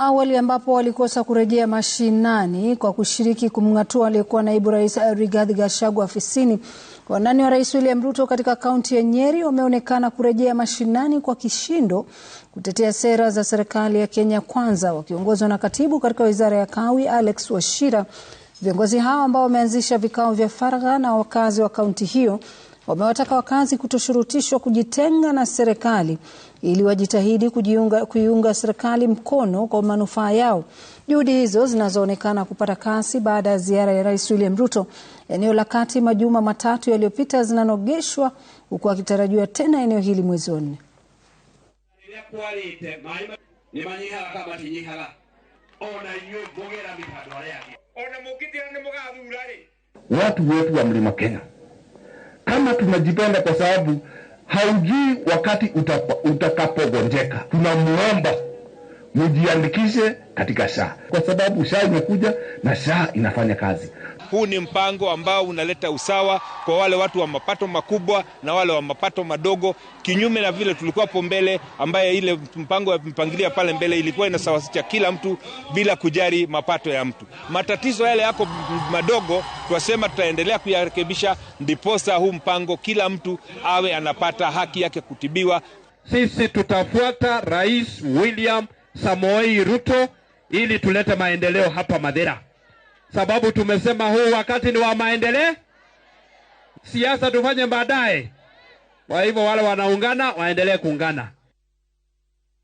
awali ambapo walikosa kurejea mashinani kwa kushiriki kumng'atua aliyekuwa naibu rais Rigathi Gachagua afisini. Wandani wa rais William Ruto katika kaunti ya Nyeri wameonekana kurejea mashinani kwa kishindo kutetea sera za serikali ya Kenya Kwanza, wakiongozwa na katibu katika wizara ya kawi Alex Wachira. Viongozi hao ambao wameanzisha vikao vya faragha na wakazi wa kaunti hiyo wamewataka wakazi kutoshurutishwa kujitenga na serikali ili wajitahidi kujiunga, kuiunga serikali mkono kwa manufaa yao. Juhudi hizo zinazoonekana kupata kasi baada ya ziara ya Rais William Ruto eneo la kati majuma matatu yaliyopita zinanogeshwa huku akitarajiwa tena eneo hili mwezi wa nne. Watu wetu wa Mlima Kenya tunasema tunajipenda kwa sababu haujui wakati utakapogonjeka. Tunamuomba mjiandikishe katika SHA kwa sababu SHA imekuja na SHA inafanya kazi. Huu ni mpango ambao unaleta usawa kwa wale watu wa mapato makubwa na wale wa mapato madogo, kinyume na vile tulikuwa hapo mbele, ambaye ile mpango ya mpangilia pale mbele ilikuwa inasawasisha kila mtu bila kujali mapato ya mtu. Matatizo yale yako madogo, twasema tutaendelea kuyarekebisha, ndiposa huu mpango kila mtu awe anapata haki yake kutibiwa. Sisi tutafuata Rais William Samoei Ruto ili tulete maendeleo hapa Madera, sababu tumesema huu wakati ni wa maendeleo, siasa tufanye baadaye. Kwa hivyo wale wanaungana waendelee kuungana.